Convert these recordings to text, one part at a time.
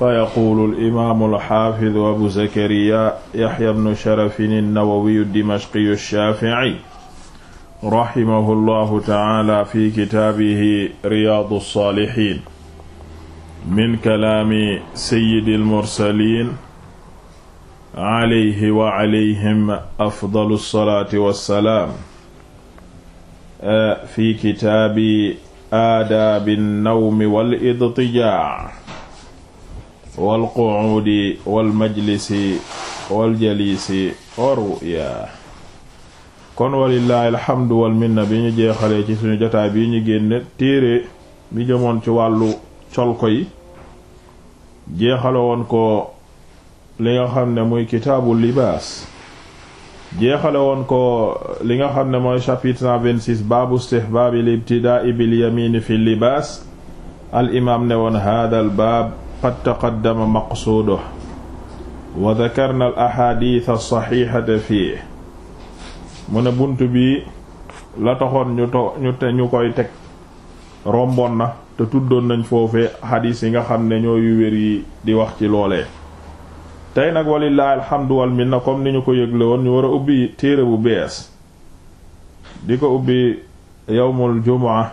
fa yaquulu alimaamu alxaafidu abu zakariya yaxya bnu sharafin annawawiyu dimashqiyu shaafici raximahu llahu taala fi kitaabihi riyaadu alsaalixiin min kalaami sayyidi almursaliin alayhi wa alayhim afdalu alsalaati wassalaam fi kitaabi aadaabi nnawmi wal idtijaa wal qu'uudi wal majlisi wal jalisi wa ru'ya kon walillahi alhamdu wal minna bi ñu jeexalee ci suñu jotaay bi ñu génne téere bi jëmoon ci wàllu col yi jeexale woon ko li nga xam ne muy kitaabu libaas jeexale woon ko li nga xam ne mooy chapitre 126 baabu istihbaabi libtidaa'i bil yamini fi libaas al ne woon haadal baab qad taqaddama maqsuuduhu wa dakarna al ahadith as-sahihata mu ne bunt bi la taxoon ñu te ñu koy teg romboon na te tuddoon nañ foofee xadiis yi nga xam ne ñoo yu wér yi di wax ci loolee tey nag walillahi alhamdu wal minna comme ni ñu ko yëgle woon ñu war a ubbi téere bu bees di ko ubbi yawmul jumaa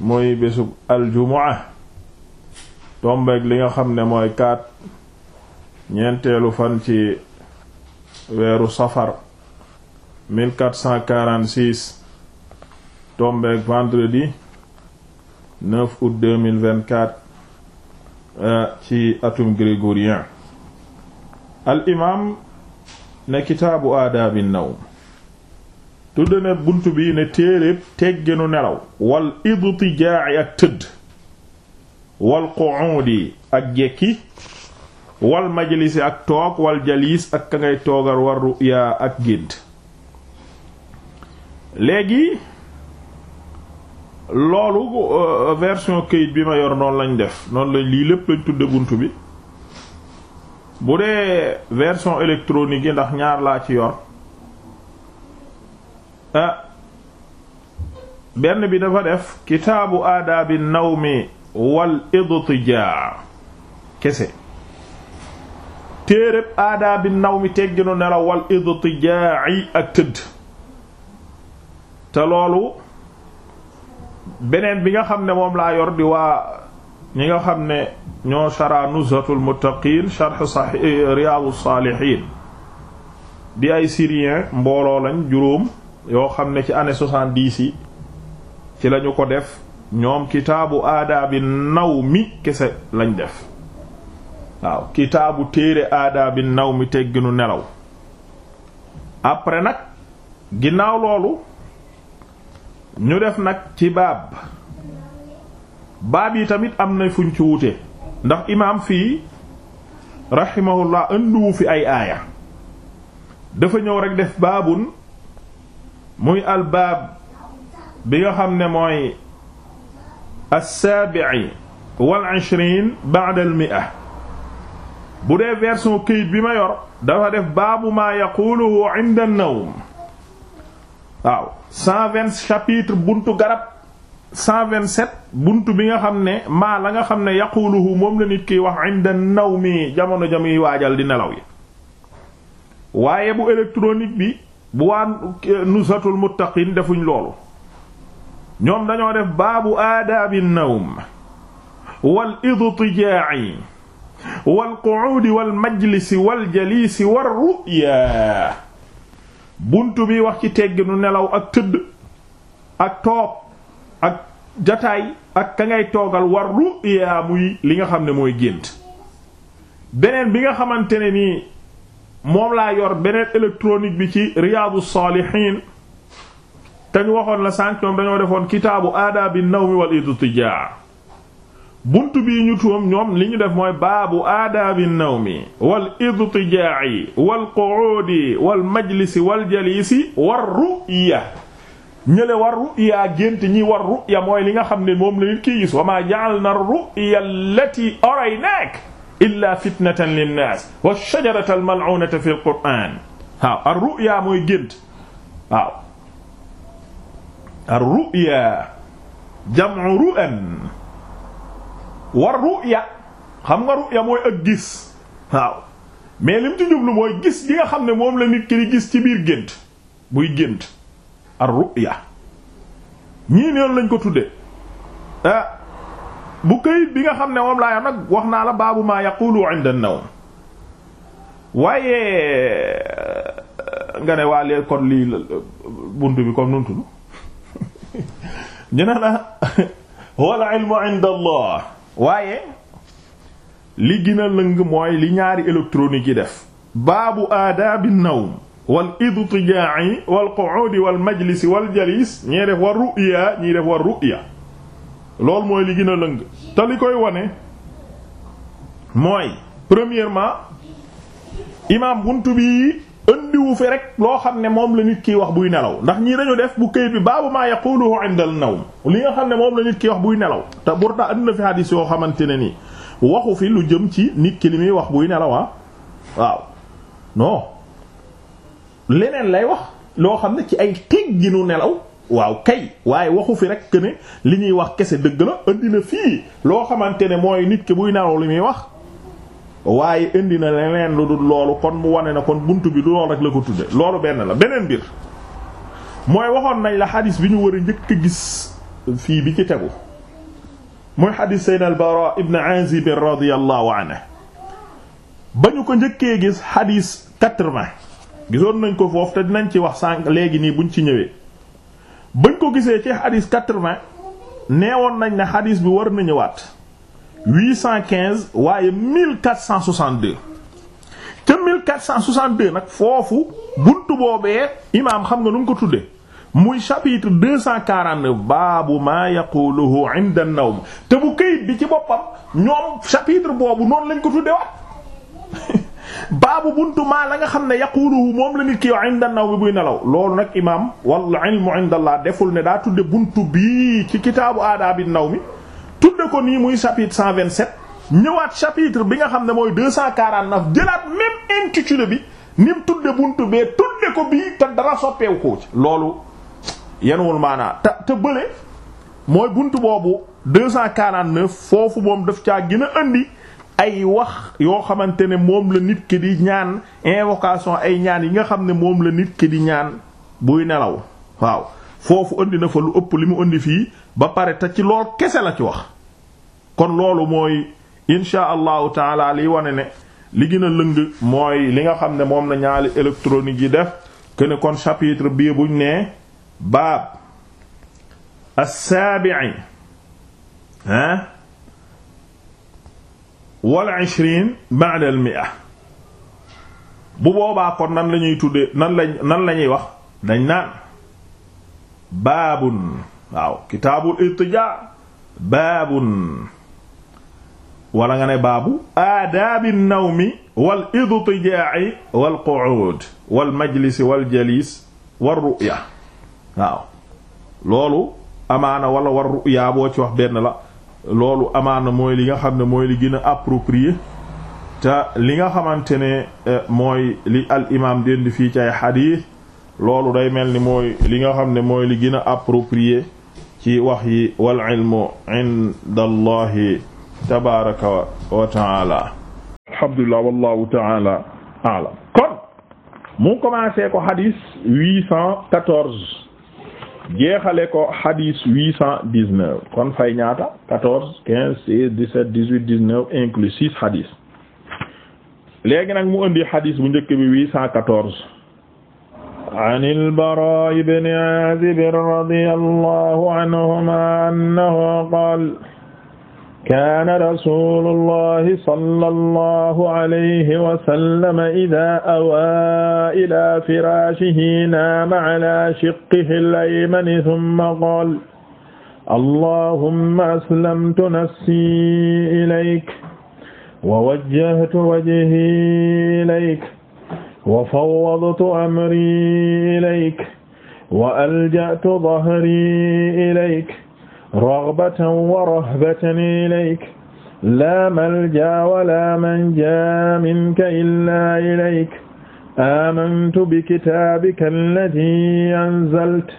mooy bésub al jumaa tombeeg li nga xam ne mooy kaat ñeenteelu fan ci weeru safar 1446 tombeeg vendredi 9 août 2024 euh, ci atum grégorien al imam ne kitaabu aadaabi nawm tudd ne bunt bi ne téeréeb tegginu nelaw wal idtijaa'i ak tëdd wal qu'udi ak jekki wal majlisi ak toog wal jaliis ak ka ngay toogal war ru'ya ak gént léegi loolu euh, version këyit bi ma yor noonu lañ def noonu lañ lii lépp lañ tudde bunt bi bu dee version électronique yi ndax ñaar laa ci yor ah, benn bi dafa def kitaabu aadaabi mi wal idtijaa kese téeréb aadaabi naw mi tegginu nelaw wal idtijaa'i ak tëdd te loolu beneen bi nga xam ne moom laa yor di waa ñi nga xam ne ñoo shara nuzhatul muttaqin sharh sahih eh, riyadus salihin ay syrien mbooloo lañ juróom yoo xam ne ci année soixante-dix yi ci lañu ko def ñoom kitaabu aadaabi naw mi kese lañ def waaw kitaabu téere aadaabi naw mi tegginu nelaw après nag ginnaaw loolu ñu def nag ci baab baab yi tamit am na fuñ ci wute ndax imaam fii rahimahullah anduwu fi ay aaya dafa ñëw rekk def baabun muy albaab bi nga xam ne mooy as-saabi'i wal ishriin ba'da al bu dee version këyit bi ma yor dafa def baabu maa yaquluhu 'inda waaw 120 chapitre buntu garab 127 buntu bi nga xam ne maa la nga xam ne yaquluhu moom la nit kiy wax 'inda an-nawmi jamono jamuy waajal di nelaw yi waaye bu électronique bi bu waa eh, nusatul muttaqin defuñ loolu ñoom dañoo def baabu aadaabi nawm wal idtijaa'i wal qu'uudi wal majlisi wal jaliisi war ru'ya buntu bi wax ci tegginu nelaw ak tëdd ak toog ak jataay ak ka ngay toogal war ru'ya muy li nga xam ne mooy gént beneen bi nga xamante ne nii moom laa yor beneen électronique bi ci riyaadu saalihiin te waxoon la sànq ñoom dañoo defoon kitaabu aadaabi nawmi wal idtijaa bunt bii ñu tuum ñoom li ñu def mooy baabu aadaabi nawmi wal idtijaa'i wal qu'uudi wal majlisi wal jaliisi war ru'ya ñële war ru'ya gént ñi war ru'ya mooy li nga xam ne moom la nit ki gis wa maa ja'alna ar-ru'ya allati araynaak illaa fitnatan linnaas wa shajarata al mal'uunata fil qur'aan waaw ar mooy gént ar-ru'ya jam'u ru'an war ru'ya xam nga ru'ya mooy ak gis waaw mais ci jublu mooy gis gi nga xam ne moom la nit ki di gis ci biir gént buy gént ar-ru'ya ñii noonu lañ ko tuddee ah bu kayit bi nga xam ne moom laa yor nag wax naa la baabu maa yaqulu 'inda an waaye nga ne waa lee kon lii bunt bi comme nu mu ñu ne la wala ilmu inda allah waaye li gën a lëng mooy li ñaari électronique yi def baabu aadaabi nawm wal idtijaa'i wal qu'uudi wal majlisi wal mooy li gën lëng te koy wone mooy premièrement imaam buntu bi indiwu fi rek loo xam ne moom la nit kiy wax buy nelaw ndax ñii dañu def bu kayit bi baabu maa yaquluhu inda an-nawm li nga xam ne moom la nit kiy wax buy nelaw te pourtant indi na fi hadis yoo xamante ne nii waxu fi lu jëm ci nit ki li muy wax buy nelaw ah leneen lay wax loo xam ne ci ay tegginu nelaw waaw kay waaye waxu fi rek que li ñuy wax kese dëgg la indi loo xamante ne mooy nit ki buy nelaw li muy wax. waaye indi na leneen lu dul loolu kon mu wane na kon bunt bi loolu rek la ko tudde loolu benn la beneen mbir mooy waxoon nañ la xadis bi ñu war a njëkk gis fii bi ci tegu mooy xadis saydna al bara ibn azib radiyallahu anhu ba ñu ko njëkkee gis xadis 80 gisoon nañ ko foofu te dinañ ci wax sànq léegi nii buñ ci ñëwee bañ ko gisee ci xadis 80 neewoon nañ ne xadis bi war na ñëwaat 815 waaye 1462 ca 1462 nag foofu buntu boobee imaam xam nga nu ko tudde muy chapitre 249 baabu maa yaquluhu inda an-nawm te mu kayit bi ci boppam ñoom chapitre boobu noonu lañ ko tuddee waat baabu buntu maa la nga xam ne yaquluhu moom la nit ki yow inda an-nawm buy nelaw loolu nag imaam wal ilmu inda Allah deful ne daa tudde buntu bi ci kitaabu aadaabi an-nawmi tudde ko nii muy chapitre 127 ñëwaat chapitre bi nga xam ne mooy 249 jëlaat même intitulé bi ni mu tudde buntu bee tudde ko bii te dara soppeewu ko loolu yenuwul maanaa te te bële mooy bunt boobu 249 foofu moom daf caa gën a andi ay wax yoo xamante ne moom la nit ki di ñaan invocation ay ñaan yi nga xam ne moom la nit ki di ñaan buy nelaw waaw foofu andi na fa lu ëpp li mu andi fii ba pare te ci lool kese la ci wax kon loolu mooy insha allahu taala liy wane ne li gën a mooy li nga xam ne moom la ñaari électronique yi def que ne kon chapitre bii buñ nee baab as-sabi'i wal ishrine ba'da al mi'a bu boobaa kon nan la ñuy tuddee nan lañ nan la wax dañ naan baabun waaw kitaabul irtija baabun wala nga ne baabu aadaabi nawmi wal idtijaa'i wal qu'ud wal majlisi wal jaliis war ru'ya waaw loolu amaana wala war ru'ya boo ci wax benn la loolu amaana mooy li nga xam ne mooy li gën a approprié te li nga xamante ne eh, mooy li al imaam dénd fii ci ay xadiis loolu day mel ni mooy li nga xam ne mooy li gën a approprié ci wax yi wal ilmu inda allahi tabaraka kon mu commencé ko hadis jeexale ko hadis huit cent dix-neuf kon fay ñaata quatorze quinze seize dix-sept dix-huit dix-neuf inclus six hadis léegi nag mu indi hadis bu njëkk bi huit cent quatorze عن البراء بن عازب رضي الله عنهما أنه قال كان رسول الله صلى الله عليه وسلم إذا أوى إلى فراشه نام على شقه الأيمن ثم قال اللهم أسلمت نفسي إليك ووجهت وجهي إليك wa fawwadtu amri ilayk wa alja'tu dhahri ilayk raghbatan wa rahbatan ilayk laa malja wa laa manja minka illaa ilayk aamantu bikitaabika alladhii anzalta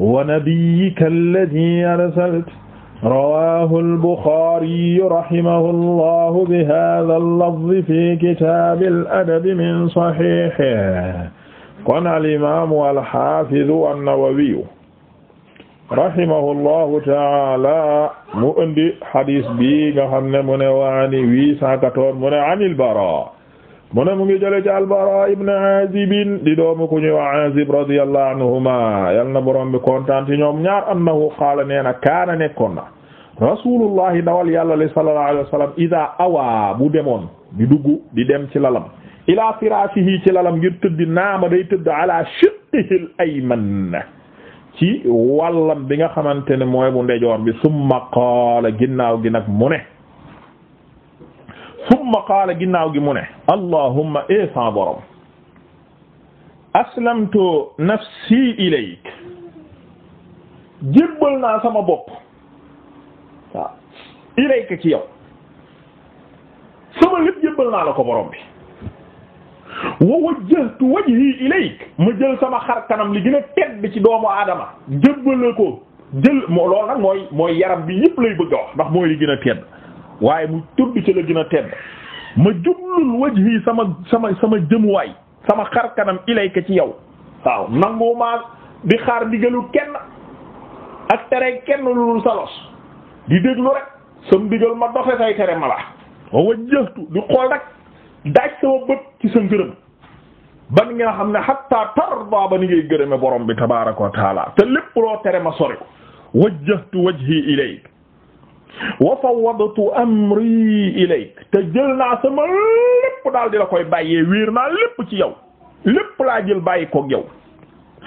wa nabiyyika alladhii arsalta rawaahu al-Buxaariyu rahimahullahu bi haazal lafzi fi kitaabil adabi min saxiixihi kon al-imaamu al-xaafidu an-Nawawiyu rahimahullahu ta'aala mu indi xadiis bi nga xam ne mu ne waani 814 mu ne anil Baraa mu mu ngi jële ci albara ibn azib di doomu ku ñuy wax azib anhuma yal na borom bi kontaan ci ñoom ñaar annahu qaala nee na kaana nekkoon na rasulullahi ndawal yàlla li sallallahu alayhi wa sallam ida bu demoon di dugg di dem ci lalam ila firashihi ci lalam ngir tëddi naama day tëdd ala shiqqihi al ayman ci wàllam bi nga xamante ne mooy bu ndejoor bi summa qaala ginnaaw gi nag mu ne summa qaala ginnaaw gi mu ne allahumma e eh, sa borom aslamtu nafsi ilayk jébbal naa sama bopp waaw ilayka ci yow sama lépp jébbal naa la ko borom bi wa wajjahtu wajhi ilayk ma jël sama xar kanam li gën a tedd ci doomu aadama jébbal la ko jël loolu nag mooy mooy yaram bi yëpp lay bëgg a wax ndax mooy li gën a tedd waaye mu tudd ci la gën a tedd ma jublul wajhi sama sama sama jëmuwaay sama xar kanam ilayka ci yow waaw nangu maa di xaar ndigalu kenn ak tere kenn lu salos di déglu rek sam ndigal ma doxe say tere ma la wa wajjahtu di xool rek daaj sama bët ci sa ngërëm ban nga xam ne hatta tarda ba ni ngay gërëme borom bi tabaaraka wa taala te lépp loo tere ma sori ko wajjahtu wajhi ilayk wa fawwadtu amri ilayk te jël naa sama lépp daal di la koy bàyyee wéer naa lépp ci yow lépp laa jël bàyyi koog yow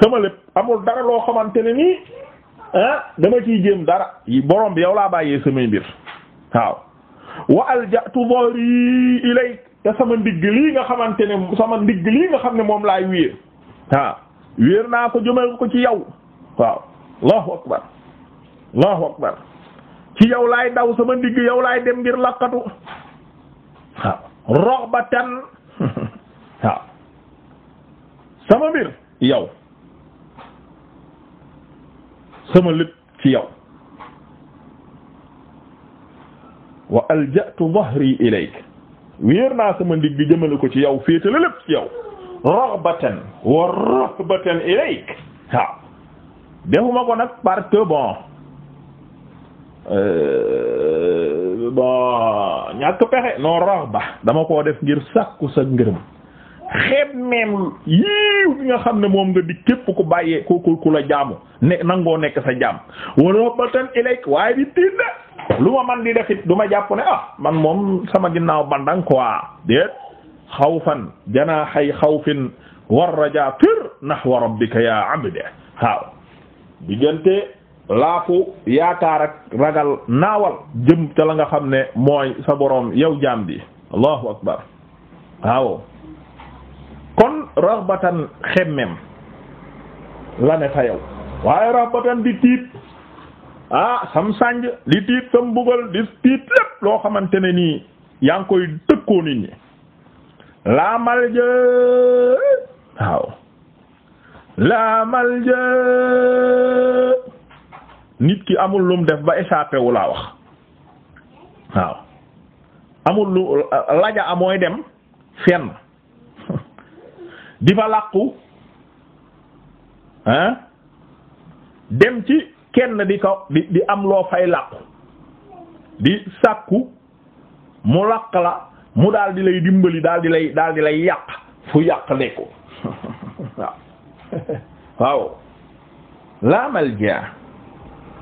sama lépp amul dara loo xamante ne nii ah dama ciy jéem dara borom bi yow laa bàyyee samay mbir waaw wa alja'tu dhahri ilayk te sama ndigg lii nga xamante ne sama ndigg lii nga xam ne moom laay wéer wéer naa ko jëmee ko ci yow waaw allahu akbar allahu akbar ci yow laay daw sama ndigg yow laay dem ngir laqatu waaw roxbatan sama mbir yow sama lépp ci yow wa alja'tu dhahri ilayk wéer naa sama ndigg jëmale ko ci yow féetale lépp ci yow roxbatan wa roxbatan ilayk waaw defuma ko nag parce Euh, bon ñàkk pexe non rax ba dama koo def ngir sàkku sa ngërëm xet meem yiiw bi nga xam ne moom nga di képp ku bàyyee ku ku ku la jaamu ne nangoo nekk sa jaam wala ba tan waaye di tiit lu ma man di def it du ma jàpp ne ah man moom sama ginnaaw bandang quoi déet xawfan janaaxay xawfin war rajaa fir nahwa rabbika ya abde waaw diggante laafu yaakaar ak ragal naawal jëm ca la nga xam ne mooy sa boroom yow jaam bi allahu akbar waaw kon raxbatan xemmem la ne fa yow waaye raxbatan di tiit ah sam sànj di tiit sam bugal di tiit lépp loo xamante ne nii yaa ngi koy dëkkoo nit ñi laa malja nit ki amul lum def ba échappé wu laa wax waaw amul lu laja amooy dem fenn di fa làqu ah dem ci kenn di ko di di am loo fay làqu di sàkku mu làq la mu daal di lay dimbali daal di lay daal di lay yàq fu yàq nekku waaw waaw laa malja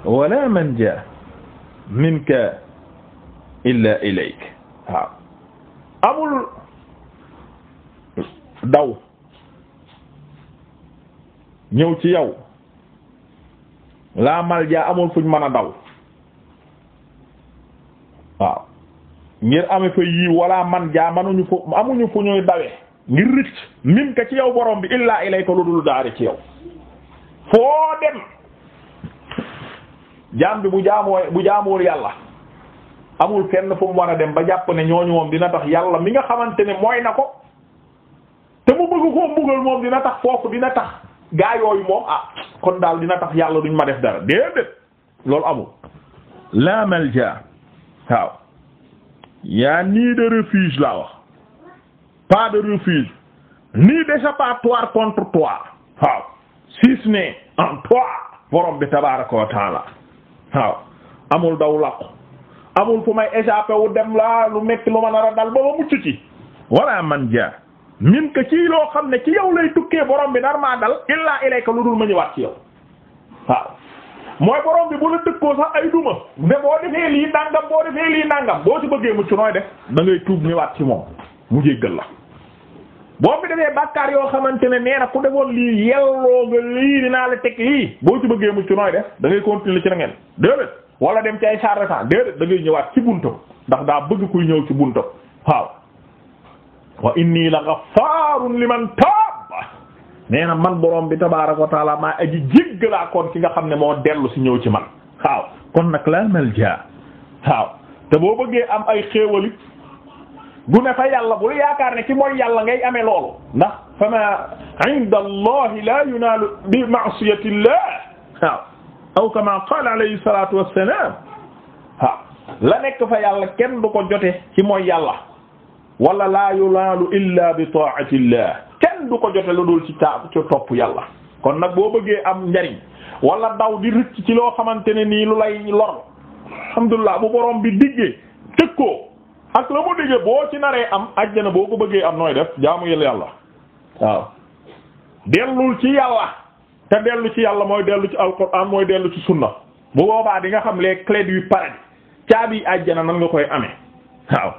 wala manja minka illa ilayk waaw amul daw ñëw ci yow laa malja amul fuñ mën a daw waaw ngir ame fa yii wala man jaa manuñu fu amuñu fu ñuy dawe ngir rëcc minka ci yow borom bi illa ilayka lu dul daari ci yow foo dem jaam bi bu jaamoo bu jaamuwul yàlla amul fenn fu mu war a dem ba jàpp ne ñooñu moom dina tax yàlla mi nga xamante ne mooy na ko te mu bëgg koo mbugal moom dina tax foofu dina tax gaa yooyu moom ah kon daal dina tax yàlla duñ ma def dara déedéet loolu amul la malja waaw yaa nii de refuge laa wax pas de refuge ni d'échappatoire contre toi waaw si ce n'est en toi borom bi tabaraka wa waaw amul daw làqu amul fu may échappé wu dem laa lu metti lu ma nar a dal ba ma mucc ci wala man ja min ko ci loo xam ne ci yow lay tukkee borom bi nar maa dal illaa ilayka lu dul ma ñëwaat ci yow waaw mooy borom bi bu la dëkkoo sax ay duma ne boo defee lii nàngam boo defee lii nàngam boo ci bëggee mucc nooy def da ngay tuub ñëwaat ci moom mu jéggal la boo fi defee bàkkaar yoo xamante ne nee na ku defoon lii yelloo nga lii dinaa la teg lii boo ci bëggee mucc nooy def da ngay continuer ci na déedéet wala dem ci ay charretan déedéet da ñëwaat ci buntu ndax daa bëgg kuy ñëw ci buntu waaw wa inni la ghaffarun liman taab nee man borom bi tabaaraka wa taala maa aji jéggalaa kon ki nga xam ne moo dellu si ñëw ci man waaw kon nag la malja waaw te boo bëggee am ay xéewal bu fa yàlla bul yaakaar ne ci mooy yàlla ngay amee loolu ndax fa ma inda la yunaalu bi ma'siyati llah aw kama qala alayhi salatu wassalam la nekk fa yàlla kenn du ko jote ki mooy yàlla wala la yunaalu illa bi ta'ati llah kenn du ko jote lu dul ci ta ci topp yàlla kon nag boo bëggee am njariñ wala daw di ci loo xamante ne nii lu lay lor alhamdulillah bu borom bi diggee tëkkoo ak la mu digge boo ci naree am ajjana boo ko bëggee am nooy def jaamu yàlla waaw dellul ci yàlla te dellu ci yàlla mooy dellu ci alquran mooy dellu ci sunna bu boobaa di nga xam les clés du paradis caabi ajjana nan nga koy amee waaw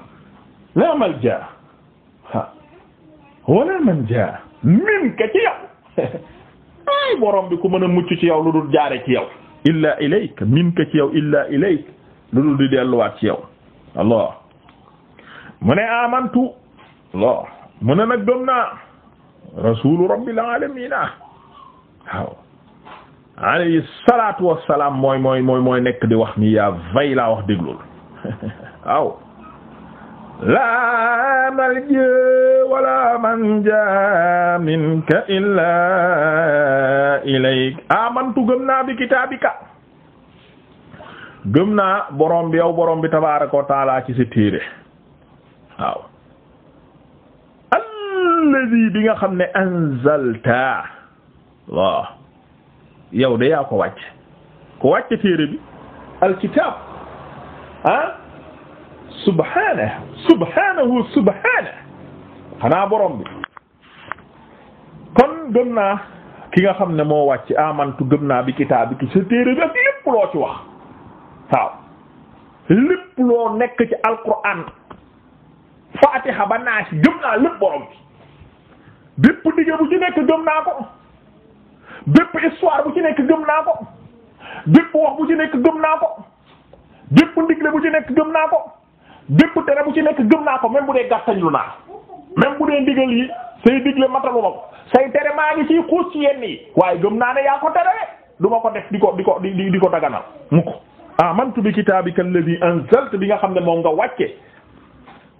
la mal jaa wala man jaa min ci yow ay borom bi ku mën a mucc ci yow lu dul jaare ci yow illa ilayk min ka ci yow illa ilayk lu dul di delluwaat ci yow allah mu ne amantu lo mu ne nag gëm naa rasulu rabbil alamina waaw alayhi salatu wassalam mooy mooy mooy mooy nekk di wax ni yaa vay laa wax déglul waaw laa malja wala manja minka illa ilayk amantu gëm naa bi kitaabika gëm naa borom bi yow borom bi tabaaraka wa ci sa téere waaw di bi nga xam ne anzalta waaw yow de yaa ko wàcc ko wàcc téere bi alkitab ah subhaanahu subhaanahu subhaanahu xanaa borom bi kon gën naa ki nga xam ne moo wàcc amantu gën naa bi kitaab bi téere bi ak lépp loo ci wax waaw lépp loo nekk ci alquran faatiha ba naas gëm naa lépp borom bi bépp dige bu ci nekk gëm naa ko bépp histoire bu ci nekk gëm naa ko bépp wax bu ci nekk gëm naa ko bépp ndigle bu ci nekk gëm naa ko bépp tere bu ci nekk gëm naa ko même bu dee gàttañlu naa même bu dee ndigal yi say digle matalu ma ko say tere maa ngi ciy xuus ci yenn yi waaye gëm naa ne yaa ko tere du ma ko def di ko di ko di di ko daganal mu ko amantu bi kitaabika alladhi anzalta bi nga xam ne moom nga wàcce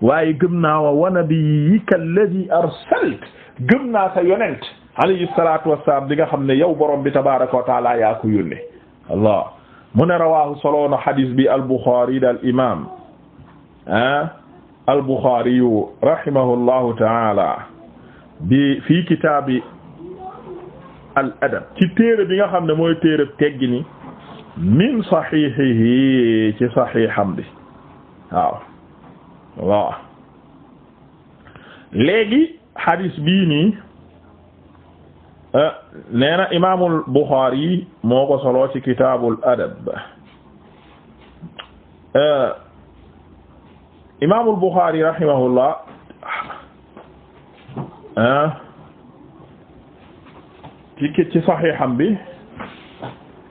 waaye gëm naa wa wa nabiyyika alladhi arsalta gëm naa sa yonent alayhi salatu wassalam bi nga xam ne yow borom bi tabaraka wa taala yaa ko yónnee allah mu ne rawahu soloona hadis bi al-Bukhari daal imam ah al-Bukhari rahimahullahu taala bi fii kitaabi al adab ci téere bi nga xam ne mooy téere teggini min sahihihi ci sahiham bi waaw waaw léegi hadis bii nii eh, neena na imaamul Buxaari moo ko soloo ci kitaabul adab eh, imaamul Buxaari rahimahullah eh, ci ci saxiixam bi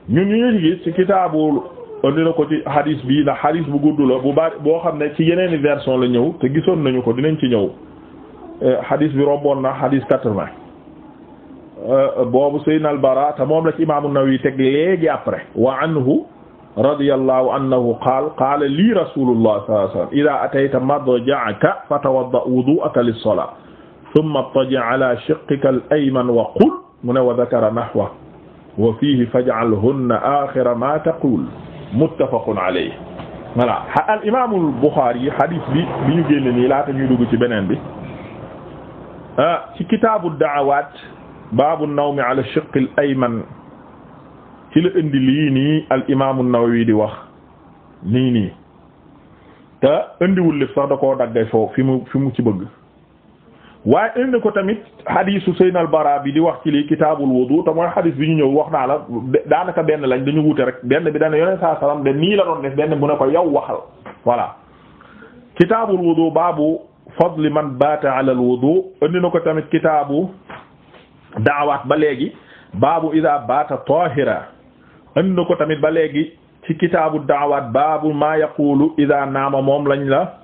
ñun ñu ngi ci kitaabul indi na ko ci hadis bi ndax hadis bu gudd la bu bari boo xam ne ci yeneen i version la ñëw te gisoon nañu ko dinañ ci ñëw eh, hadis bi romboon na hadis quatre-vingt eh, boobu sayyidina al-Bara te moom la ci imaamu Nawawi teg léegi après wa anhu radiyallahu anhu qaal qaala lii rasulullah sallallahu alayhi wasallam idaa atayta madja'aka fatawadda wudu'aka lis-salaa thumma ittaji' ala shiqqika al-ayman wa qul mu ne wa dhakara nahwa wa fiihi faj'alhunna aakhira maa taqul muttafaqun alayhi voilà al imaamul Buxaari yi hadith bi bi ñu génne nii laata ñuy dugg ci beneen bi ah ci kitaabu da'awaat baabu nawmi ala shiq al ayman ci la indi lii nii al imaamu Nawawi di wax nii nii te indiwul li sax da koo daggay foofu fi mu fi mu ci bëgg. waaye indi ko tamit hadisu Seynal Bara bi di wax ci lii kitaabul wudu te mooy hadis bi ñu ñëw wax naa la daanaka benn lañ dañu wute rek benn bi dana yoneen saa salaam de nii la doon def benn bu ne ko yow waxal voilà kitaabul wudu baabu fadli man baata ala al wudu indi na ko tamit kitaabu daawaat ba léegi baabu ida baata ko tamit ba léegi ci kitaabu daawaat baabu maa yaqulu ida naama moom lañ la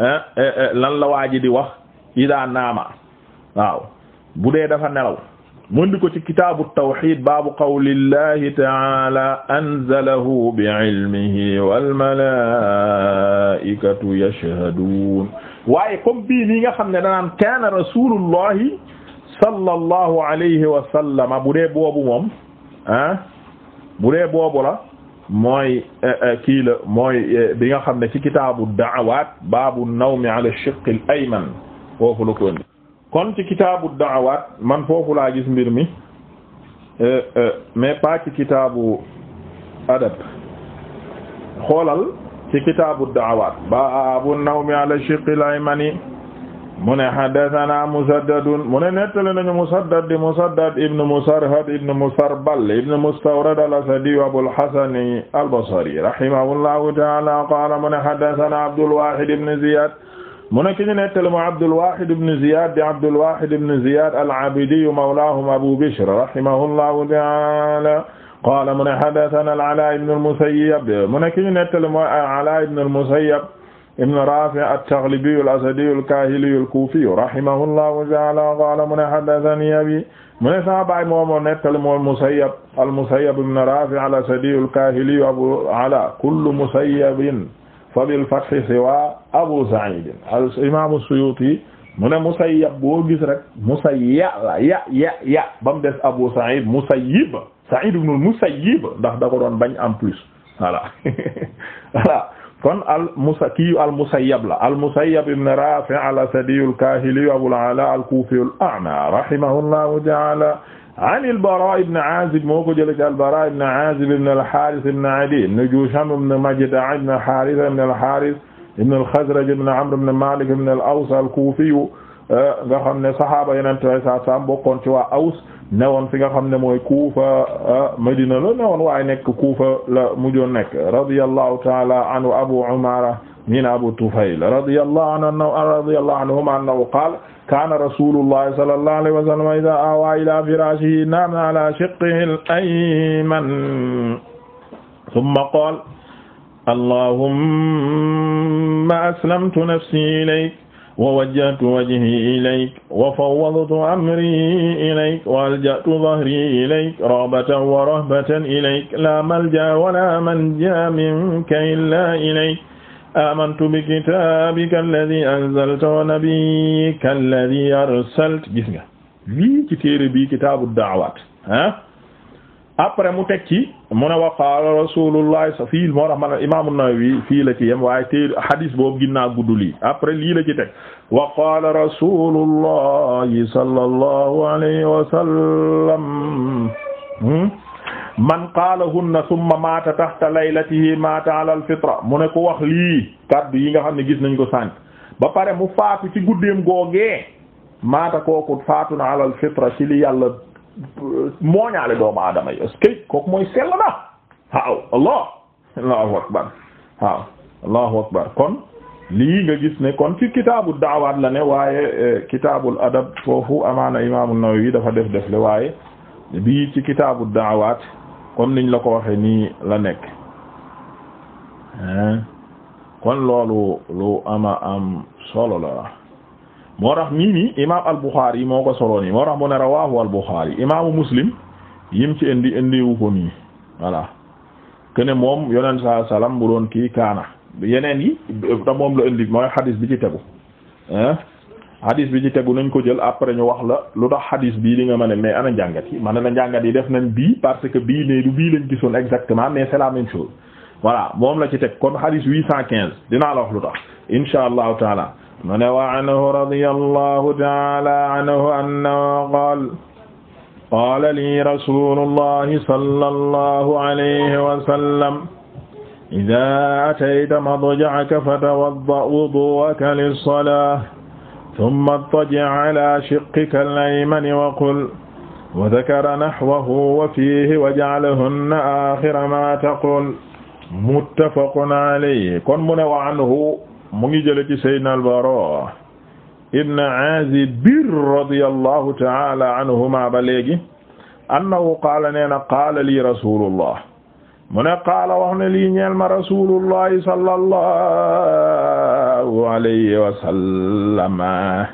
eh, eh, eh, lan la waaji di wax ida naama waaw bu dee dafa nelaw mun di ko ci kitaabu tawxid baabu qawlillahi taala anzalahu bi ilmihi wal malaikatu yashhadun waaye comme bii nii nga xam ne danaan kaana rasulullahi sallallahu alayhi wa sallama bu dee boobu moom ah bu dee boobu la mooy eh, eh, kii la mooy eh, bi nga xam ne ci kitaabu da'awaat baabu nawmi ala shiqqil ayman foofu la ko indi kon ci kitaabu da'awaat man foofu laa gis mbir mi eh, eh, mais pas ci kitaabu adab xoolal ci kitaabu da'awaat baabu nawmi ala shiqqil aymani mu ne haddathana musaddadun mu ne nettali nañu musaddad di musaddad ibn musarhad ibn musarbal ibn mustawrad al-asadi abul hasan al-basri rahimahullahu ta'ala qala mu ne haddathana abdul wahid ibn ziyad mu ne ki ñu nettali ma Abdul Wahid ibn Ziyad di Abdul Wahid ibn Ziyad al-Abdi mawlahum Abu Bishr rahimahullahu ta'ala qaala mu ne haddathana al-Ala ibn al-Musayyab mu ne ki ñu nettali ma al-Ala ibn al-Musayyab ibn Rafi' at-Taghlibi al-Asadi al-Kahili al-Kufi rahimahullahu ta'ala qaala mu ne haddathani abi mu ne sa baay moo moo nettali moo Musayyab al-Musayyab ibn Rafi' al-Asadi al-Kahili Abu Ala kullu Musayyabin fa bil fathi siwa Abu Sa'id al imam Suyuti mu ne Musayyab boo gis rek Musayya la ya ya ya ba mu des Abu Sa'id Musayyib Sa'id ibn Musayyib ndax da ko doon bañ en plus voilà voilà kon al Musa kii al Musayyab la al Musayyab ibn Rafi' al-Asadi al-Kahili Abu al-Ala al-Kufi al-A'ma rahimahullahu ta'ala an al-Baraa ibn Aazib moo ko jëlee ci al-Baraa ibn Aazib ibn al-Haaris ibn Adiy ibn Jusham ibn Majdaa ibn Haaritha ibn al-Haaris ibn al-Khazraj ibn Amr ibn Maalik ibn al-Aws al-Kuufi nga xam ne saxaaba Yonent bi saa saam bokkoon ci waa Aws newoon fi nga xam ne mooy Kuufa Madina la newoon waaye nekk Kuufa la mujjoon nekk radiyallahu ta'ala anhu Abu Umaara min Abu Tufayl radiyallahu anhu radiyallahu anhumaa annahu qaala kaana rasuulullahi sallallahu alayhi wa sallam idaa awaa ilaa firaashihi naama alaa shiqqihi al-ayman thumma qaala allahumma aslamtu nafsi ilayk wa wajjahtu wajhi ilayk wa fawwadtu amri ilayk wa alja'tu dhahri ilayk raghbatan wa rahbatan ilayk laa malja'a wa laa manjaa minka illaa ilayk amantu bi kitaabika alladhi anzalta wa nabiyyika alladhi arsalta gis nga lii ci téere bii kitaabu da'awaat ah après mu teg ci mu ne wa qaala rasulullah sa fii moo tax ma ne imaamu Nawawi fii la ci yem waaye téere hadis boobu ginnaa gudd lii après lii la ci teg wa qaala rasulullah sallallahu alayhi wa sallam hmm? man qaalahunna summa maata tahta laylatihi maata ala alfitra mu ne ko wax lii kaddu yi nga xam ne gis nañ ko sànq ba pare mu faatu ci guddeem googee maata kooku faatu na ala alfitra ci li yàlla euh, mooñaale doomu aadama yi est-ce que kooku mooy sell na waaw allah allahu akbar waaw allahu akbar kon lii nga gis ne kon ci kitaabu daawaat la ne waaye euh, kitaabul adab foofu amaana imaamu Nawawi dafa def def le waaye bii ci kitaabu daawaat comme niñ la ko waxee nii la nekk kon loolu lu ama am solo la moo tax nii nii imaam al-Bukhari moo ko solo yi moo tax mu ne rawahu al-Bukhari imaamu Muslim yim ci indi indiwu ko nii voilà kene moom yonent saa salaam bu doon kii kaana yeneen yi te moom la indi mooy xadis bi ci tegu ah hadis bi ci tegu nañ ko jël après ñu wax la lu tax hadis bii li nga ma ne mais ana njàngat yi ma ne la yi def nañ bii parce que bii ne du bii lañ gisoon exactement mais c'est la même chose voilà moom la ci teg kon hadis 815 dinaa la wax lu tax insha allahu taala mu ne wa anhu radiyallahu taala anhu annahu qaal qaala lii rasulullahi sallallahu alayhi wa sallam idaa atayta madja'aka fatawadda' wudu'aka lis-salaah ثم اضطجع على شقك الأيمن وقل وذكر نحوه وفيه وجعلهن آخر ما تقول متفق عليه kon mu ne وعنه mu ngi jële ci سيدنا البراء ابن عازب رضي الله تعالى عنهما ba léegi أنه قال nee na قال لي رسول الله mu ne qaala wax ne lii ñeel ma rasulullahi sallallahu alayhi wa sallam ah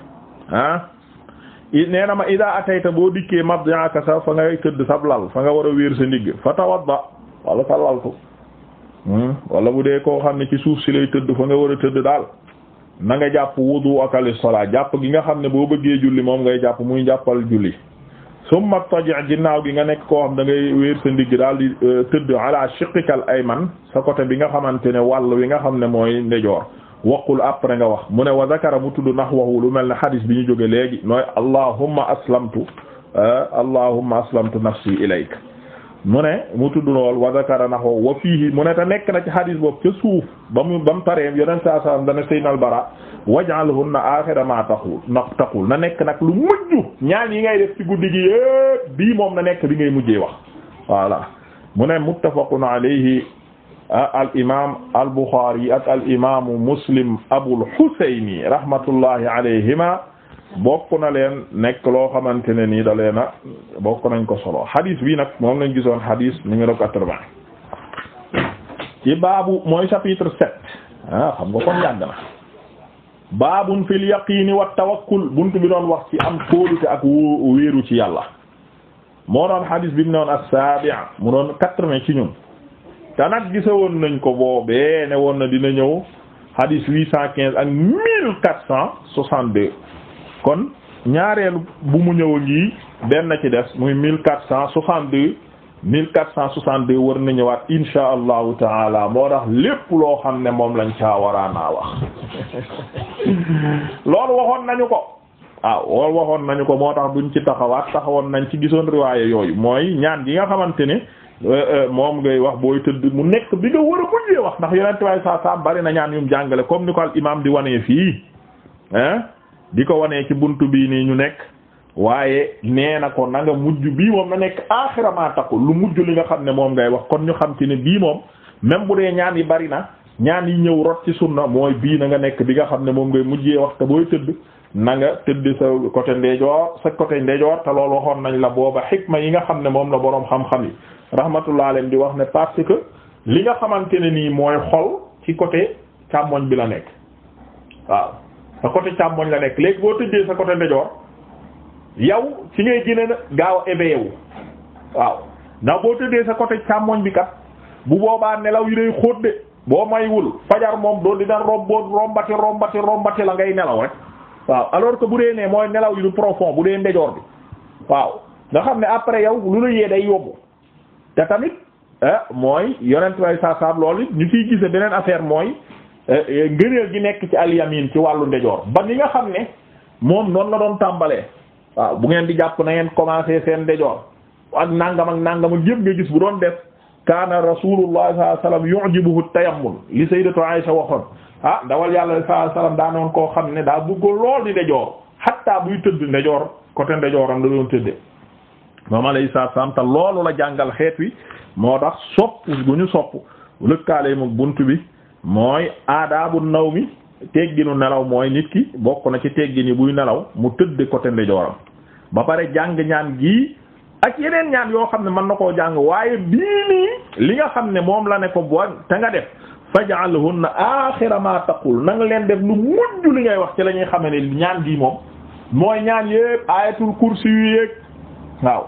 nee na ma ida atayta boo dikkee mabdiaka sa fa ngay tëdd sablal fa nga war a wéer sa ndigg fa tawadda wala sa laltu hmm? wala bu dee koo xam ne ci suuf si lay tëdd fa nga war a tëdd daal na nga jàpp wudu akali sola jàpp gi nga xam ne boo bëggee julli moom ngay jàpp muy jàppal julli summa taji' ginnaaw gi nga nekk koo xam da daal di euh, tëdd ala shiqqikal ayman sa côté bi nga xamante ne wàll wi nga xam ne mooy ndejoor waqul après nga wax mu ne wa zakara mu tudd nahwahu lu mel ne hadis bi ñu jóge léegi nooy allahumma aslamtu euh, allahumma aslamtu nafsi ilayka mu ne mu tudd lool wa zakara na wa fiihi mu ne nekk na ci hadis boobu ca suuf ba mu ba mu taree yonent saa salaam dana sayyidina al-Bara waj'alhunna aaxira maa taqul na taqul na nekk nag lu yi ngay def ci guddi gi yëpp bii moom na nekk bi ngay mujje wax voilà mu ne muttafaqun alayhi al imaam al Buxaari ak al imaamu Muslim Abul Husayni bokk na leen nekk loo xamante ne nii da na bokk nañ ko solo hadis bi nag moom lañ gisoon hadis numéro quatre-vingt ci baabu mooy chapitre sept ah xam nga kon yàgg na baabun fil yaqiini wa tawakkul buntu bi doon wax ci am kóolute ak wéeru ci yàlla moo doon hadis bi mu ne woon as-sabi' mu doon quatre-vingt ci ñun te nag gise woon nañ ko boobee ne woon na dina ñëw hadis huit cent quinze ak mille quatre cent soixante-deux kon ñaareelu bu mu ñëw ngi benn ci des muy mille quatre cent soixante deux mille quatre cent soixante deux war na ñëwaat insha allahu taala moo tax lépp loo xam ne moom lañ caa waraanaa wax loolu waxoon nañu ko waaw loolu waxoon nañu ko moo tax duñ ci taxawaat taxawoon nañ ci gisoon riwaaye yooyu mooy ñaan gi nga xamante ni euh, euh, moom ngay wax booy tëdd mu nekk bi nga war a mujjee wax ndax yeneen tubaab saa saa bari na ñaan yum jàngale comme ni ko al imaam di wane fii. di ko wanee ci bunt bii nii ñu nekk waaye nee na ko nanga mujj bii moom na nekk aaxira maa lu mujj li nga xam ne moom ngay wax kon ñu xam ci ne bii moom même bu dee ñaan yi bari na ñaan yi ñëw rot ci sunna mooy bii na nga nekk bi nga xam ne moom ngay mujjee wax te booy tëdd na nga tëdd sa côté ndeyjoor sa côté ndeyjoor te lool waxoon nañ la booba xikma yi nga xam ne moom la boroom xam-xam yi rahmatullah alayhi di wax ne parce que li nga xamante ne nii mooy xol ci côté càmmoñ bi la nekk sa côté càmmoñ la nekk léegi boo tëjee sa côté ndijoor yow ci ngay gën a gaaw a éveillé waaw ndax boo tëddee sa côté càmmoñ bi kat bu boobaa nelaw yi day xóot de boo maywul fajar moom doo dina romboo rombati rombati rombati la ngay nelaw rek waaw alors que bu dee nee mooy nelaw yi du profond bu dee ndejoor bi waaw nga xam ne après yow lu la yee day yóbbu te tamit ah mooy yonent way sasab loolu ñu ciy gise beneen affaire mooy Eh, eh, ngëneel gi nekk ci alyamin ci wàllu ndejoor ba ni nga xam ne moom noonu la doon tàmbalee waaw bu ngeen di jàpp na ngeen commencé seen ndejoor ak nangam ak nangam ak yëpp nga gis bu doon def kaana rasulullah sallallahu alayhi wasallam yu'jibuhu tayammul li sayyidatu Aisha waxoon ah ndawal yàlla sallallahu alayhi wasallam daa noon koo xam ne daa bëggo lool di ndejoor hatta buy tëdd ndejoor côté ndejooram la doon tëddee moom alayhi salaam te loolu la jàngal xeet wi moo tax sopp gu ñu sopp lëkkaale mu bunt bi mooy aadaabu naw mi tegginu nelaw mooy nit ki bokk na ci teggin yi buy nelaw mu tëdd côté ndeyjooram ba pare jàng ñaan gi ak yeneen ñaan yoo xam ne mën na koo jàng waaye bii nii li nga xam ne moom la ne ko boo te nga def faj'alhunna aaxira ma taqul na nga leen def lu mujj li ngay wax ci lañuy ñuy xame ne ñaan gii moom mooy ñaan yépp ayatul kursi yu yéeg waaw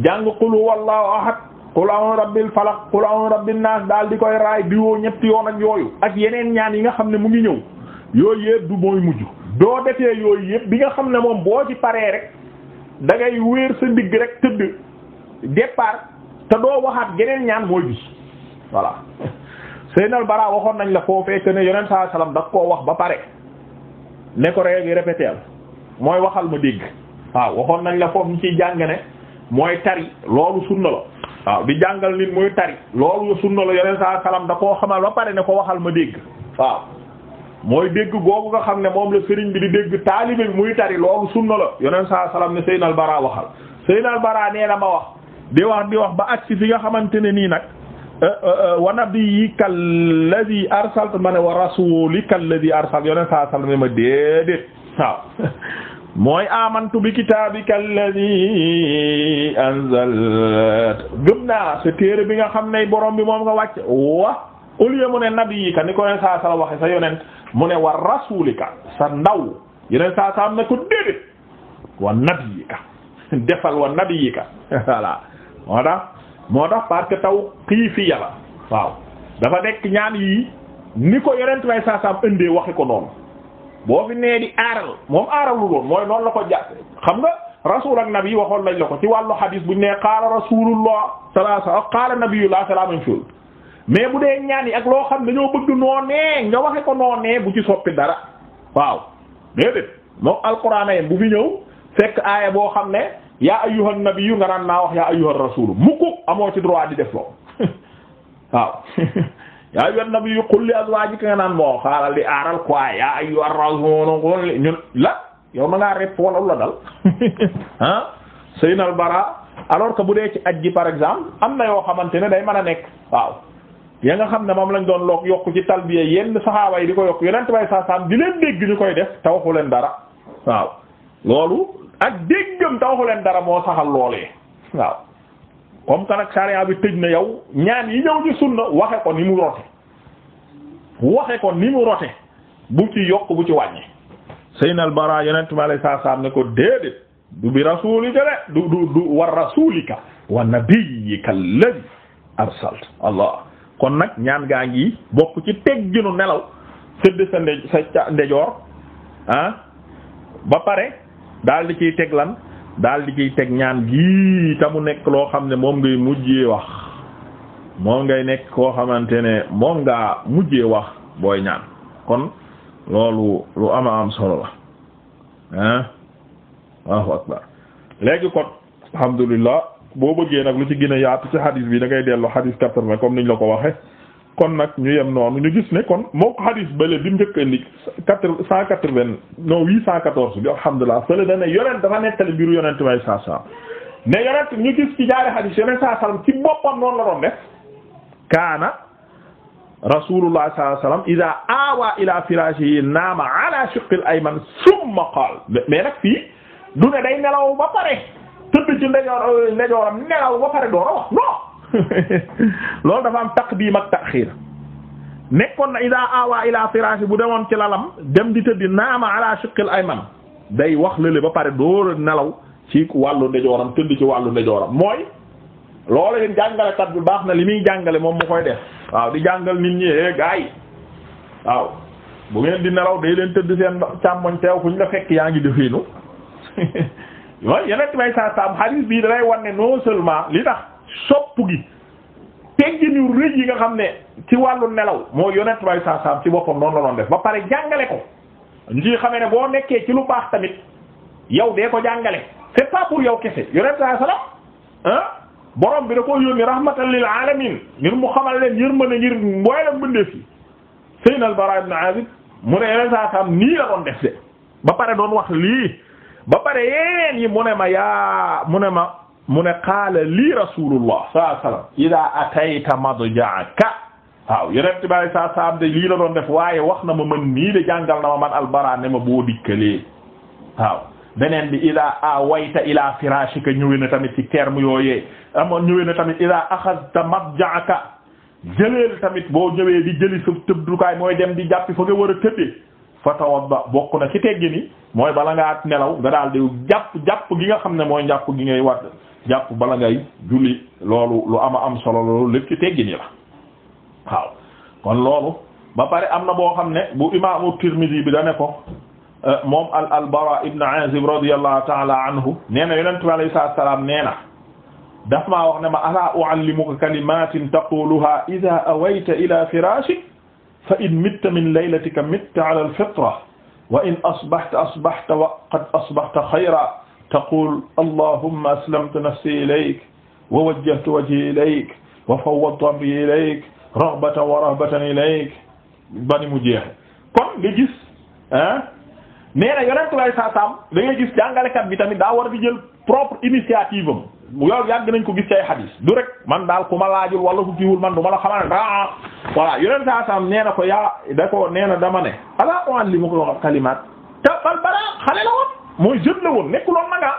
jàng qul huwallahu ahad qul a'udhu rabbil falaq qul a'udhu rabbin daal di koy raay di ñetti yoon ak yooyu ak yeneen ñaan yi nga xam ne mu ngi ñëw yooyu yëpp du mooy mujj doo defee yooyu yëpp bi nga xam ne moom boo ci paree rek da ngay wéer sa ndigg rek tëdd départ te doo waxaat geneen ñaan mooy bis voilà Seynal Bara waxoon nañ la foofee que ne yonent saa salaam daf koo wax ba pare ne ko rek répéteel mooy waxal ma dégg waaw waxoon nañ la foofu ñu ciy jàng ne mooy tari loolu sunna waaw bi jàngal nit muy tari loolu sunna la yoneen saa salaam da koo xamal ba pare ne ko waxal ma dégg waaw mooy dégg googu nga xam ne moom la sëriñ bi di dégg taalibe bi muy tari loolu sunna la yoneen saa salaam ne Seynal Bara waxal Seynal Bara nee na ma wax di wax di wax ba agsi fi nga xamante ne nii nag eh, eh, eh, wa nabiyyika alladhi ma ne wa rasulika alladhi arsalta yoneen saa salaam ne ma déedéet waaw mooy amantu bi kitaabika alladhi anzalt gëm naa sa téere bi nga xam ne borom bi moom nga wàcc wa au lieu mu ne nabiyika ni ko ne saa sala waxe sa yonent mu ne wa rasulika sa ndaw yeneen saa saa am na ko déedéet wa nabiyika defal wa nabiyika voilà moo tax moo tax parce taw xii fi yàlla waaw dafa nekk ñaan yi ni ko yonent way saa saa am indee waxi ko noonu boo fi nee di aaral moom aaralul woon mooy noonu la ko jàpp xam nga rasul ak nabi waxoon nañ la ko ci wàllu hadis buñ nee qaala rasulullah sallallahu alayhi wa sallam qaala nabiyullah c'est la même mais bu dee ñaan yi ak loo xam ne dañoo bëgg noonee nga waxe ko noonee bu ci soppi dara waaw déedéet moom alquran ayem bu fi ñëw fekk aaya boo xam ne yaa ayyuhan nabiyyu nga naan naa wax yaa ayyuhar rasul mukk amoo ci droit di def loolu waaw yaa ayyuhan nabiyyu qul li azwaajika nga naan moo xaaral di aaral quoi yaa ayyuhar rasuul qul ñun la yow ma ngaa rep wala la dal ah Seynal Bara alors que bu dee ci aj ji par exemple am na yoo xamante ne day man a nekk waaw ya nga xam ne moom lañ doon loog yokk ci talbiya yenn saxaaba yi di ko yokk yeneen bay saa saam di leen dégg ñu koy def tawaxu leen dara waaw loolu ak déggam tawaxu leen dara moo saxal loolee waaw. comme que nag sariya bi tëj na yow ñaan yi ñëw ci sunna waxe ko ni mu rote waxe ko ni mu rote bu ci yokk bu ci wàññi seynal bara yonent mi alay saa saam ne ko déedéet du bi rasuulika de du du war rasuulika wa nabiyyika alladhi arsalt allah kon nag ñaan gaa ngi bokk ci tegginu nelaw sëdd sa nde sa ndejoor ah ba pare daal di ciy teg lan daal di ciy teg ñaan gii ta mu nekk loo xam ne moom ngay mujjee wax moom ngay nekk koo xamante ne moom ngaa mujjee wax booy ñaan kon loolu lu ama am solo la ah waaw akbar léegi kon alhamdulillah boo bëggee nag lu ci gën a yaatu ci hadis bi da ngay dellu hadis quatre-vingt comme niñ la ko waxe kon nag ñu yem noonu ñu gis ne kon moo ko hadis bële bi mu njëkk a indi quatre cent quatre vingt non huit cent quatorze bi alhamdulilah fële da ne yonent dafa nettali biiru yonent may saa saa ne yonent ñu gis saa sallam ci noonu la doon def kaana rasulullah awa ila firashihi naama ala shiqqil ayman summa qaal mais ne day nelaw ba pare tëdd ci ndejoor ndejooram nelaw wax loolu dafa am taqdiim ak taxiir nekkoon na idaa awa ila firaashi bu demoon ci lalam dem di tëdd tëddi naama ala ay man day wax lële ba pare door nelaw ci wàllu ndejooram tëdd ci wàllu ndejooram mooy loolu yéen jàngalekat bi baax na li muy jàngale moom mu koy def waaw di jàngal nit ñi eh gars yi waaw bu ngeen di nelaw day leen tëdd seen càmmoñ teew fu ñu la fekk yaa ngi defiinu mooy yeneen may sa sam hadis bii dalay wan ne non sopp gi tegginu rëj yi nga xam ne ci wàllu nelaw moo yonent bay saa ci boppam noonu la doon def ba pare jàngale ko ngi xamee ne boo nekkee ci lu baax tamit yow dee ko jàngale c'est pas pour yow kese yonent saa salaam ah borom bi da ko yónni rahmatan lil alamin ngir mu xamal leen yërmande ngir mbooleem mbindeef yi sayyidina al-Bara ibn mu ne yonent saa saam nii la doon def de ba pare doon wax lii ba pare yeneen mu ne ma yaa mu ne ma mu ne qaala lii rasulullah sa alayhi wasallam ida atayta madja'aka waaw yonent bi alay saa salaam de lii la doon def waaye wax na ma man nii de jàngal na ma man albara ne ma boo dikkalee waaw beneen bi ida awayta ila firashika ñëwee na tamit ci terme yooyee amoon ñëwee na tamit ida axadta madja'aka jëleel tamit boo ñëwee di jëli sa tëbdukaay mooy dem di jàppi fa nga war a fa tawadda bokk na ci teggi ni mooy bala ngaa nelaw nga daal di jàpp gi nga xam ne mooy jàpp gi ngay wadd jàpp bala ngay julli loolu lu ama am solo loolu lépp ci teggin yi la waaw kon loolu ba pare am na boo xam ne bu imaamu Tirmidhi bi da ne ko euh, moom al al Bara ibn Azib radiyallahu ta'ala anhu nee na yonent bi alayhi salaatu salaam nee na daf maa wax ne ma alaa u'allimuka kalimatin taquluha idha awayta ila firashik fa in mitta min laylatika mitta ala al fitra wa in asbahta asbahta wa qad asbahta khayra taqul allahumma aslamtu nafsi ilayk wa wajjahtu wajhi ilayk j fawwadtu amri ilayk raghbatan wa rahbatan ilayk bani mu jeexe kon nga gis ah nee na yonent lay saasaam da gis jàngalekat bi tamit daa war a di jël propre initiative am yàgg nañ ko gis cay xadis man daal ku ma laajul wala ku kiiwul man du ma la xamal daa voilà yonent saasaam nee na ko ya da ko nee na dama ne ala uallimuka kalimaat te bal balaa xale mooy jeune la woon nekkuloon na nga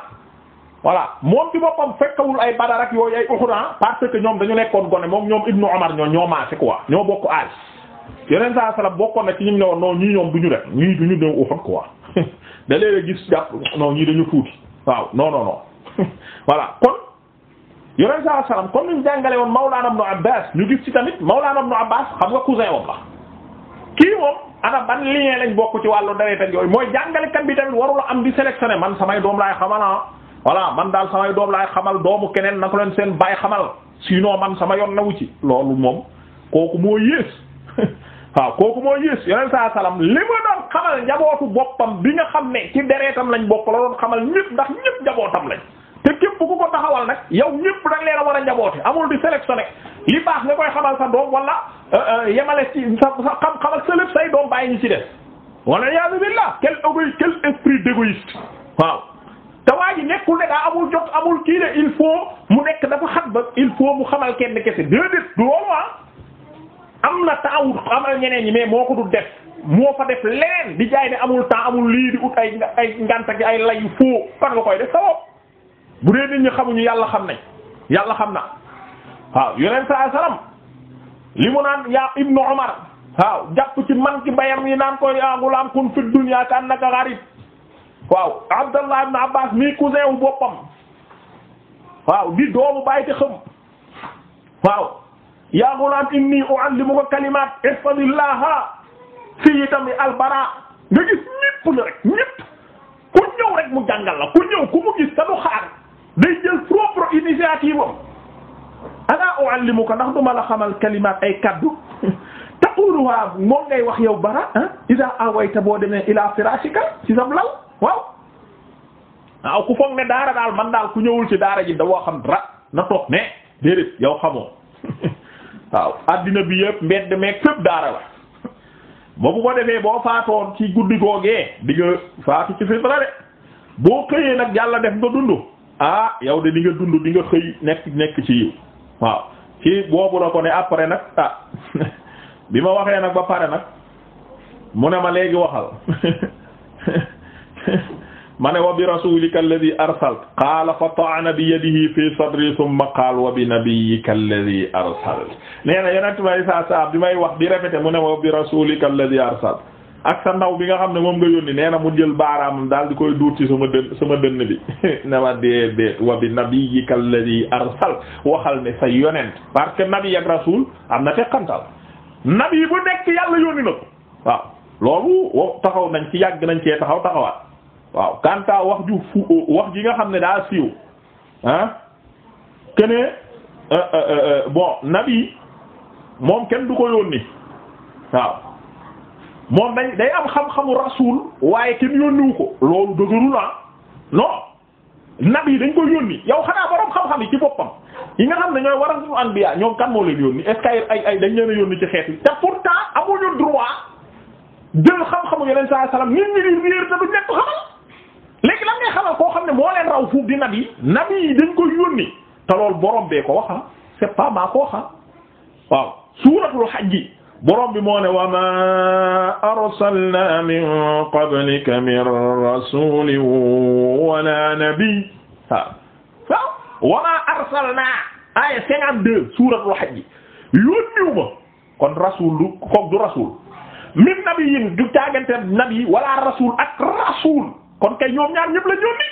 voilà moom ci boppam fekkawul ay Badar ak yooyu ay Uhud ah, parce que ñoom dañu nekkoon gone moom ñoom Ibnu Umar ñoo ñoo maase quoi ñoo bokk âge yeneen saa sala bokkoon na ci ñu ne woon non ñii ñoom du ñu def ñii du ñu dem Uhud quoi da léeg gis jàpp noo ñii dañu tuuti waaw non non non voilà kon yeneen saa salaam comme ni jàngale woon Mawlaana Ibnu Abbaas ñu gis ci tamit Mawlaana Ibnu Abbaas xam nga cousin woon la kii moom. ana ban lien lañ bokk ci wàllu deret ak yooyu mooy jàngalekat bi tamit warula am di sélectionner man samay doom laay xamal naa ah. voilà man daal samay doom laay xamal doomu keneen naka leen seen baay xamal sinon man sama yoon nawu ci loolu moom kooku moo yées waaw kooku moo yées yeneen saa salaam li ma doon xamal njabootu boppam bi nga xam ne ci deretam lañ bokk la doon xamal ñëpp ndax ñëpp njabootam lañ te képp ku ko taxawal nag yow ñëpp da leen a war a njaboote amul di sélectionner li baax nga koy xamal sa doom wala euh, euh, yemale ci sa sa xam-xam ak sa lépp say doom bàyyi ñu ci def wala yaa billah quel égoïste quel esprit d'égoïste waaw te waa ji nekkul ne daa amul jot amul kii de il faut mu nekk dafa xat ba il faut mu xamal kenn kese déedéet doomu ah. am na temps xamal ñeneen ñi mais moo ko du def moo fa def leneen di jaay ne amul temps amul lii di ut ay ay nganta gi ay lay foo par nga koy def sa bopp bu dee nit ñi xamuñu yàlla xam nañ yàlla xam na. waaw yonent saa salaam li mu naan yaa Ibnu Umar waaw jàpp ci man ki bayam yi naan koy yaa gulaam kun fi dunya ka annaka gharib waaw Abdallah ibn Abbas mi cousin wu boppam waaw di doomu baay te xam waaw yaa gulaam inni u'allimuka kalimaat ihfazillaha fii itam albara nga gis ñépp la rek ñépp ku ñëw rek mu jàngal la ku ñëw ku mu gis te du xaar day jël propre initiative am ana uallimuka ndax duma la xamal kalimaat ay kaddu taquluha moom ngay wax yow bara ah ida awayta boo demee ila firashika ci sab lal waaw waaw ku foog ne daara daal man daal ku ñëwul ci daara ji da xam dara na toog ne déedéet yow xamoo waaw addina bi yëpp mbedd meeg fépp daara la ba bu ko defee boo faatoon ci guddi googee di nga faatu ci fépp la de boo xëyee nag yàlla def nga dund ah yow de di nga dund di xëy nekk nekk ci yiw waaw ci boobu la ko ne après nag ah, bi ma waxee nag ba pare nag mu ne ma leegi waxal ma ne wa bi rasulika alladhi arsalt qaala fa ta'ana bi yadihi fi sadri thumma qaala wa bi nabiyyika alladhi arsalt nee na yonent may saa saa bi may wax bi répété mu ne wa bi rasulika alladhi arsalt ak sa ndaw bi nga xam ne moom nga yónni nee na mu jël baaraam daal di koy duut ci sama dënn sama dënn bi ne ma dee dee wa bi nabiyyika alladhi arsal waxal ne sa yonent parce que nabi ak rasul am na teqantal nabi bu nekk yàlla yónni na ko waaw loolu wo taxaw nañ ci yàgg nañ cee taxaw taxawaat waaw kanta wax ju fu wax ji nga xam ne daa siiw ah kene euh, euh, euh, bon nabi moom kenn du ko yónni waaw moom dañ day am xam-xamu rasul waaye kenn yónniwu ko loolu dëgërul ah non nab yi dañ ko yónni yow xanaa borom xam-xam yi ci boppam yi nga xam ne ñooy warasul anbiya ñoo kan moo leen yónni est ay ay dañ leen a yónni ci xeet yi te pourtant amuñu droit jël xam-xamu yeneen saa salaam nit ñi di réer te du nekk xamal léegi lan ngay xamal koo xam ne moo leen raw fuuf di nab yi dañ ko yónni te loolu borom bee ko wax ah. c'est pas maa borom bi moo ne wa ma arsalna min qablika min rasulin wala nabi waaw waaw wa ma arsalna aya cinquante deux suuratul hajj yónniw kon rasul du du rasul min nabiyin du caagante nabi wala rasul ak rasul kon kay ñoom ñaar ñëpp la ñoom ni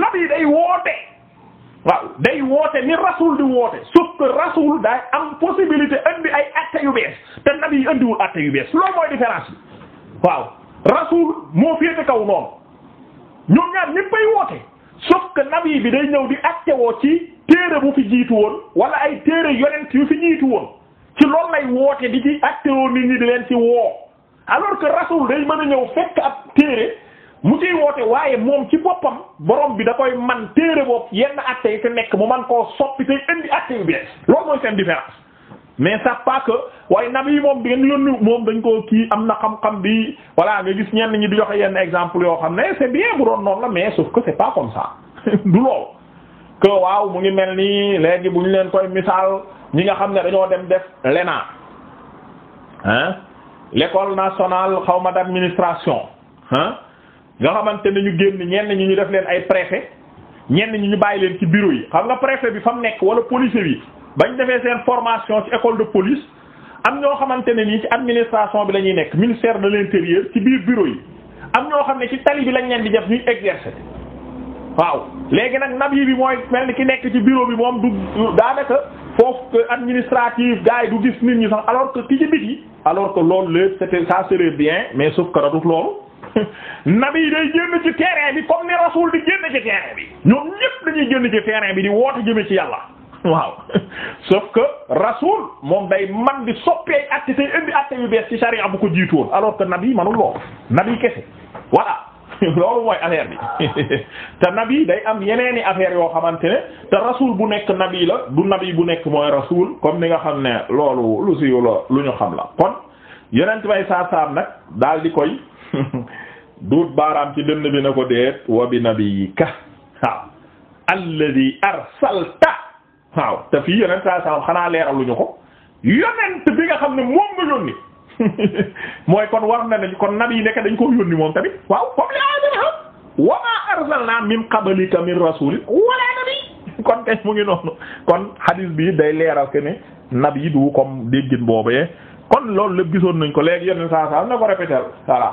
nabi day waaw day woote ni rasul di woote sauf que rasul daay am possibilité indi ay actes yu bees te nabi yi indiwul actes yu bees loolu mooy différence bi waaw rasul moo féete kaw noonu ñoom ñaar ñépp ay woote sauf que nabi bi day ñëw di acte woo ci téere bu fi jiitu woon wala ay téere yonent yu fi jiitu woon ci loolu lay woote di ci acte woo nit ñi di leen ci woo alors que rasul day mën a ñëw fekk ab téere mu ciy woote waaye moom ci boppam borom bi da koy man téere bopp yenn atte yi fi nekk mu man koo soppi tey indi atte yu bees loolu mooy seen différence mais ça pas que waaye nabi yi moom di ngeen yónni moom dañ koo kii am na xam-xam bi voilà nga gis ñenn ñi di joxe yenn exemple yoo xam ne c'est bien bu doon noonu la mais sauf que c'est pas comme ça du loolu que waaw mu ngi mel nii léegi bu ñu leen koy misaal ñi nga xam ne dañoo dem def lenaan hein l'école xaw ma d'administration hein nga xamante ne ñu génn ñenn ñi ñu def leen ay préfet ñenn ñi ñu bàyyi leen ci bureau yi xam nga préfet bi fa mu nekk wala policier bi bañ defee seen formation ci école de police am ñoo xamante ne nii ci administration bi la ñuy nekk ministère de l'intérieur ci biir bureau yi am ñoo xam ne ci tali bi lañ leen di def ñuy exercer waaw léegi nag nab yi bi mooy mel ni ki nekk ci bureau bi moom du daanaka foofu euh, administratif gars yi du gis nit ñi sax alors que ki ci alors que loolu lépp bien mais sauf que radut nabi day génn ci terrain bi comme ni rasul di génn ci terrain bi ñoom ñépp dañuy génn ci terrain bi di woote jëme ci yàlla waaw sauf que rasul moom day man di soppee atte tey indi atte yu bees ci sharia bu ko jiitoon alors que nabi manul loolu nabi kese voilà loolu mooy affaire bi te nabi day am yeneeni affaire yoo xamante ne te rasul bu nekk nabi la du nabi bu nekk mooy rasul comme ni nga xam ne loolu lu siyu la lu ñu xam la kon yonent bay saa saam nag daal duut baaraam ci dënn bi na ko deet wa bi nabiyyika waaw alladhi arsalta waaw te fii yonent saa salaam xanaa leeraluñu ko yonent bi nga xam ne moom nga yónni mooy kon war na ne kon nabi nekk dañ ko yónni moom tamit waaw comme li aadana xam wa ma arsalna min qablika min rasulin wala nabi kon kay mu ngi noonu kon hadis bi day leeral ke nab yi du comme déggin boobee kon loolu lépp gisoon nañ ko léegi yonent saa salaam na ko répéter voilà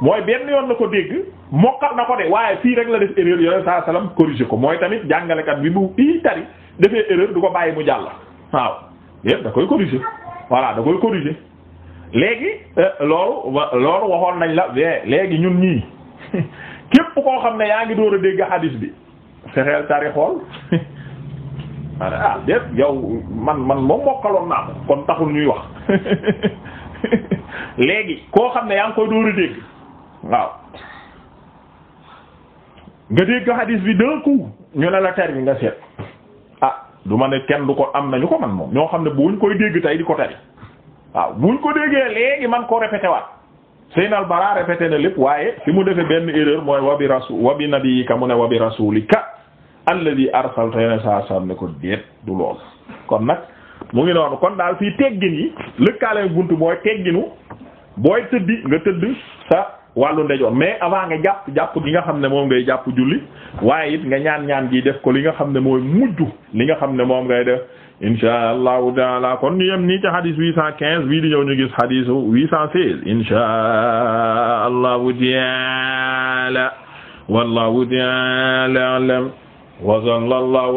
mooy benn yoon la ko dégg mokkal na ko de waaye fii rek la def erreur yoneen saa salaam corrigé ko mooy tamit jàngalekat bi bu ii tari defee erreur du ko bàyyi mu jàll waaw yépp da koy corrigé voilà da koy corrigé léegi euh, loolu loolu waxoon nañ la léegi ñun ñii képp koo xam ne yaa ngi door a dégg hadis bi fexeel tari xool ah déet yow man man moom mokkaloon naa ko kon taxul ñuy wax léegi koo xam ne yaa ngi koy door a dégg waaw nga dégg hadis bi d'un coup ñu ne la tari nga seet ah du ma ne kenn du ko am nañu ko man moom ñoo xam ne buñ koy dégg tey di ko tari waaw buñ ko déggee léegi man koo répété waat Seynal Bara répété na lépp waaye fi mu defee benn erreur mooy wabi rasul wabi nabiyika mu ne wabi rasulika alladhi arsalta yone saa sam ne ko déet du lool kon nag mu ngi noonu kon daal fii teggin yi lëkkaale bunt mooy tegginu booy tëddi nga tëdd sa wàllu ndejoor mais avant nga jàpp jàpp gi nga xam ne moom ngay jàpp julli waaye nga ñaan ñaan gi def ko li nga xam ne mooy mujj li nga xam ne moom ngay def in allahu taala kon ñu yem nii ci hadis huit cent quinze bii di ñëw ñu gis hadis huit cent seize insha allahu taala wallahu taala alam wa sallallahu